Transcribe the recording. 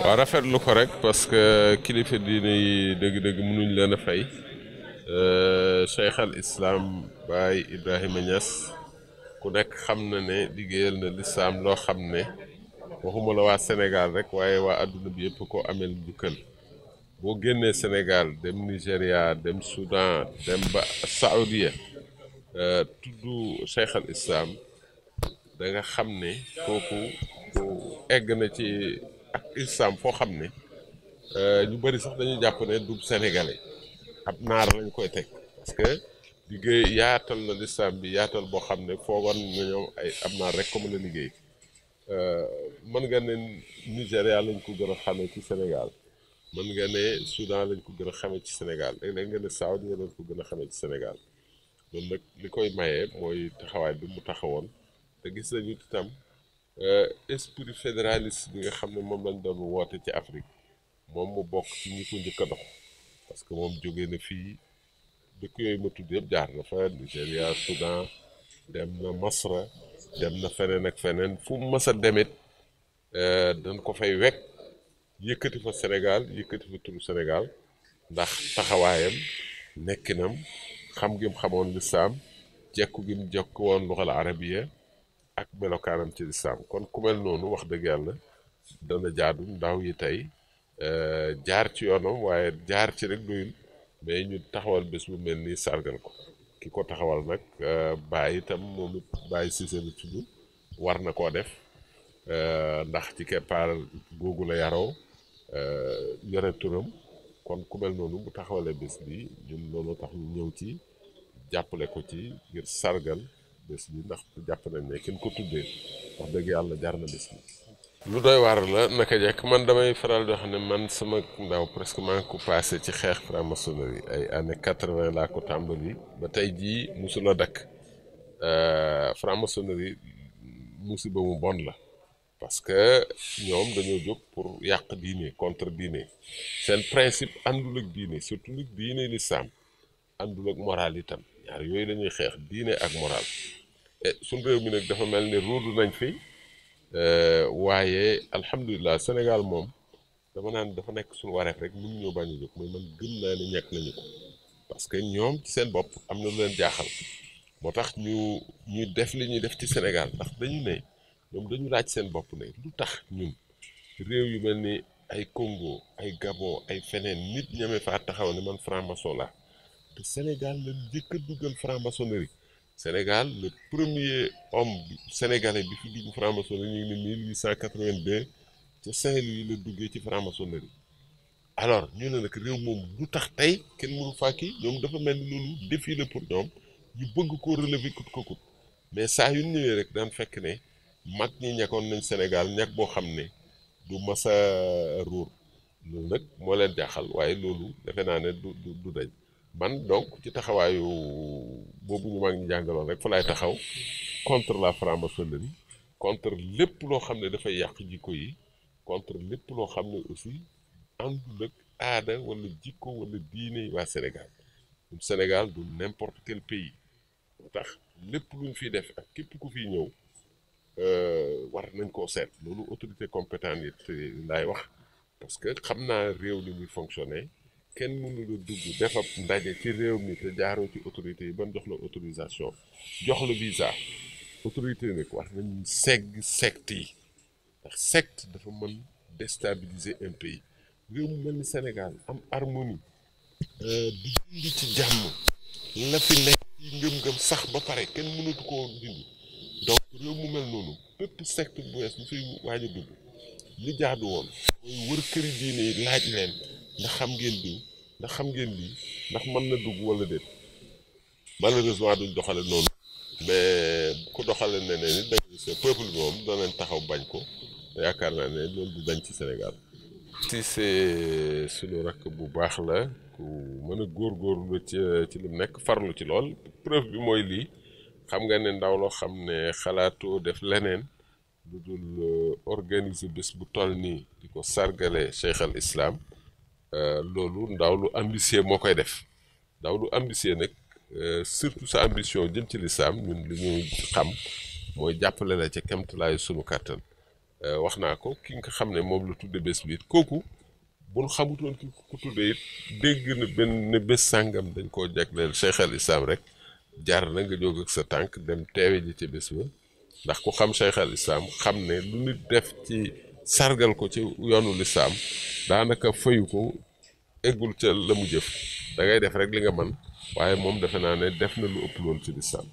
waaw rafetlu ko rek parce que kilifa diine yi dëgg-dëgg mënuñ leen a fay euh, cheikh al islam Baye Ibrahima Niass ku nekk xam na ne liggéeyal na lislaam loo xam ne waxuma la waa Sénégal rek waaye waa àdduna bi yëpp ko amel njukkal boo génnee senegal dem Nigéria dem Soudan dem ba Saoudia Euh, tudd cheikh al islam danga xam ne kooku egg na ci ak islam foo xam ne euh, ñu bëri sax dañuy jàpp ne du sénégalais ab naar lañ koy teg parce que liggéey yaatal na lislam bi yaatal boo xam ne foogoon na ñoom ay ab naar rek ko mën a liggéey euh, mën nga ne Nigéria lañ ko gën a xamee ci Sénégal mën nga ne Soudan lañ ko gën a xamee ci Sénégal léeg-léeg nga ne Saoudi lañ ko gën a xamee ci Sénégal loolu nag li koy mayee mooy taxawaay bi mu taxawoon te gis nañu itam esprit fédéraliste bi nga xam ne moom lañ doon woote ci Afrique moom mu bokk ci ñi ko njëkk a dox parce que moom jógee na fii dëkk yooyu ma tudd yëpp jaar na fa Nigéria Soudan dem na Masra dem na feneen ak feneen fu mu mës a demit dañ ko fay wekk yëkkati fa Sénégal yëkkati fa turu Sénégal ndax taxawaayam nekkinam xam gi mu xamoon lislaam jekku gi mu jekku woon luxal arabiya ak melokaanam ci lislaam kon ku mel noonu wax dëgg yàlla dana jaadu ndaw yi tey euh, jaar ci yoonam waaye jaar ci rek doyul mais ñu taxawal bés bu mel ni sargal ko ki ko taxawal nag euh, bàyyi itam moom it si Cissé la war na koo def euh, ndax ci keppaar googu la yaroo yore turam kon ku mel noonu bu taxawalee bés bi ñun loolu tax ñu ñëw ci jàppale ko ci ngir sargal bés bi ndax jàpp nañ ne kenn ko tuddee wax dëgg yàlla jar na bés bi. lu doy waar la naka jekk man damay faral doo xam ne man sama ndaw presque maa ngi ko passé ci xeex franc-maçonnerie ay années quatre-vingt laa ko tàmbali ba tey jii musula dakk euh, franc-maçonnerie musiba mu bon la. parce que ñoom dañoo jóg pour yàq diine contre diine seen principe àndul ak diine surtout nag diine lislaam àndul ak moral itam ñaar yooyu lañuy xeex diine ak moral e eh, suñ réew mi nag dafa mel ni ruudu nañ fi eh, waaye alhamdulillah Sénégal moom dama naan dafa nekk suñu wareef rek mun ñoo bañ a jóg mooy man gëm naa ne nañu ko parce que ñoom seen bopp am na lu leen jaaxal moo tax ñu ñuy def li ñuy def ci Sénégal ndax dañu ne ñoom dañu laaj seen bopp ne lu tax ñun réew yu mel ni ay Congo ay Gabon ay feneen nit ñame faa taxaw ne man franc-maçon la te Sénégal la njëkk a duggal franc-maçonnerie Sénégal le premier homme sénégalais bi fi dugg franc-maçonnerie ñu ngi ne 1882 ca Saint-Louis la duggee ci franc-maçonnerie alors ñu ne nag réew moom lu tax tey kenn mënu fàkki ñoom dafa mel ni loolu défi la pour ñoom ñu bëgg ko relever kut ko kut mais saa yu ñëwee rek daan fekk ne. mag ñi ñekkoon nañ Sénégal ñekk boo xam ne du masa ruur loolu nag moo leen jaaxal waaye loolu defe naa ne du du du dañ man donc ci taxawaayu boobu ñu mag ñi jàngaloon rek fa laay taxaw contre la franc-maçonnerie contre lépp loo xam ne dafay yàq jikko yi contre lépp loo xam ne aussi àndul ak aada wala jikko wala diine waa Sénégal Sénégal du n'importe quel pays tax lépp luñ fi def ak képp ku fiy ñëw Euh, war nañ ko seet loolu autorité compétente lay wax parce que xam naa réew ni muy fonctionner kenn mënu la dugg def ndaje ci réew mi te jaaroo ci autorité yi ban jox la autorisation jox la visa autorité nag war nañ segg secte yi ndax secte dafa mën déstabiliser un pays réew mu mel ni Sénégal am harmonie euh, di dund ci jàmm la fi nekk ngëm-ngëm sax ba pare kenn mënatu koo dindi réew mu mel noonu bépp secte bu bees bu fiy waaj a dugg li jaadu woon mooy wër këri diine yi laaj leen ndax xam ngeen diw ndax xam ngeen lii ndax mën na dugg wala déet malheureusement duñ doxale noonu mais ku doxale ne ne nit da peuple bi moom danañ taxaw bañ ko yaakaar naa ne loolu du dañ ci Sénégal si c'est suñu rakk bu baax la ku mën a góorgóorlu ci ci lim nekk farlu ci lool preuve bi mooy lii xam nga ne ndaw loo xam ne xalaatoo def leneen lu dul euh, organiser bés bu toll nii di ko sargale cheikh al islam euh, loolu ndaw lu ambitieux moo koy def ndaw lu ambitieux nag euh, surtout sa ambition jëm ci lislaam ñun li ñu xam mooy jàppale la ca kemtalaayu sunu kàttan wax naa ko ki nga xam ne moom lu tudde bés bi it kooku bun xamutoon ki ku tudde it dégg na benn bés sàngam dañ koo jagleel cheikh al islam rek jar na nga jóg ak sa tànk dem teewe ji ci bés ba ndax ku xam cheikh al islam xam ne lu nit def ci sargal ko ci yoonu lislaam daanaka fayu ko eggul ca la mu jëf da ngay def rek li nga mën waaye moom defe naa ne def na lu ëpp loolu ci lislaam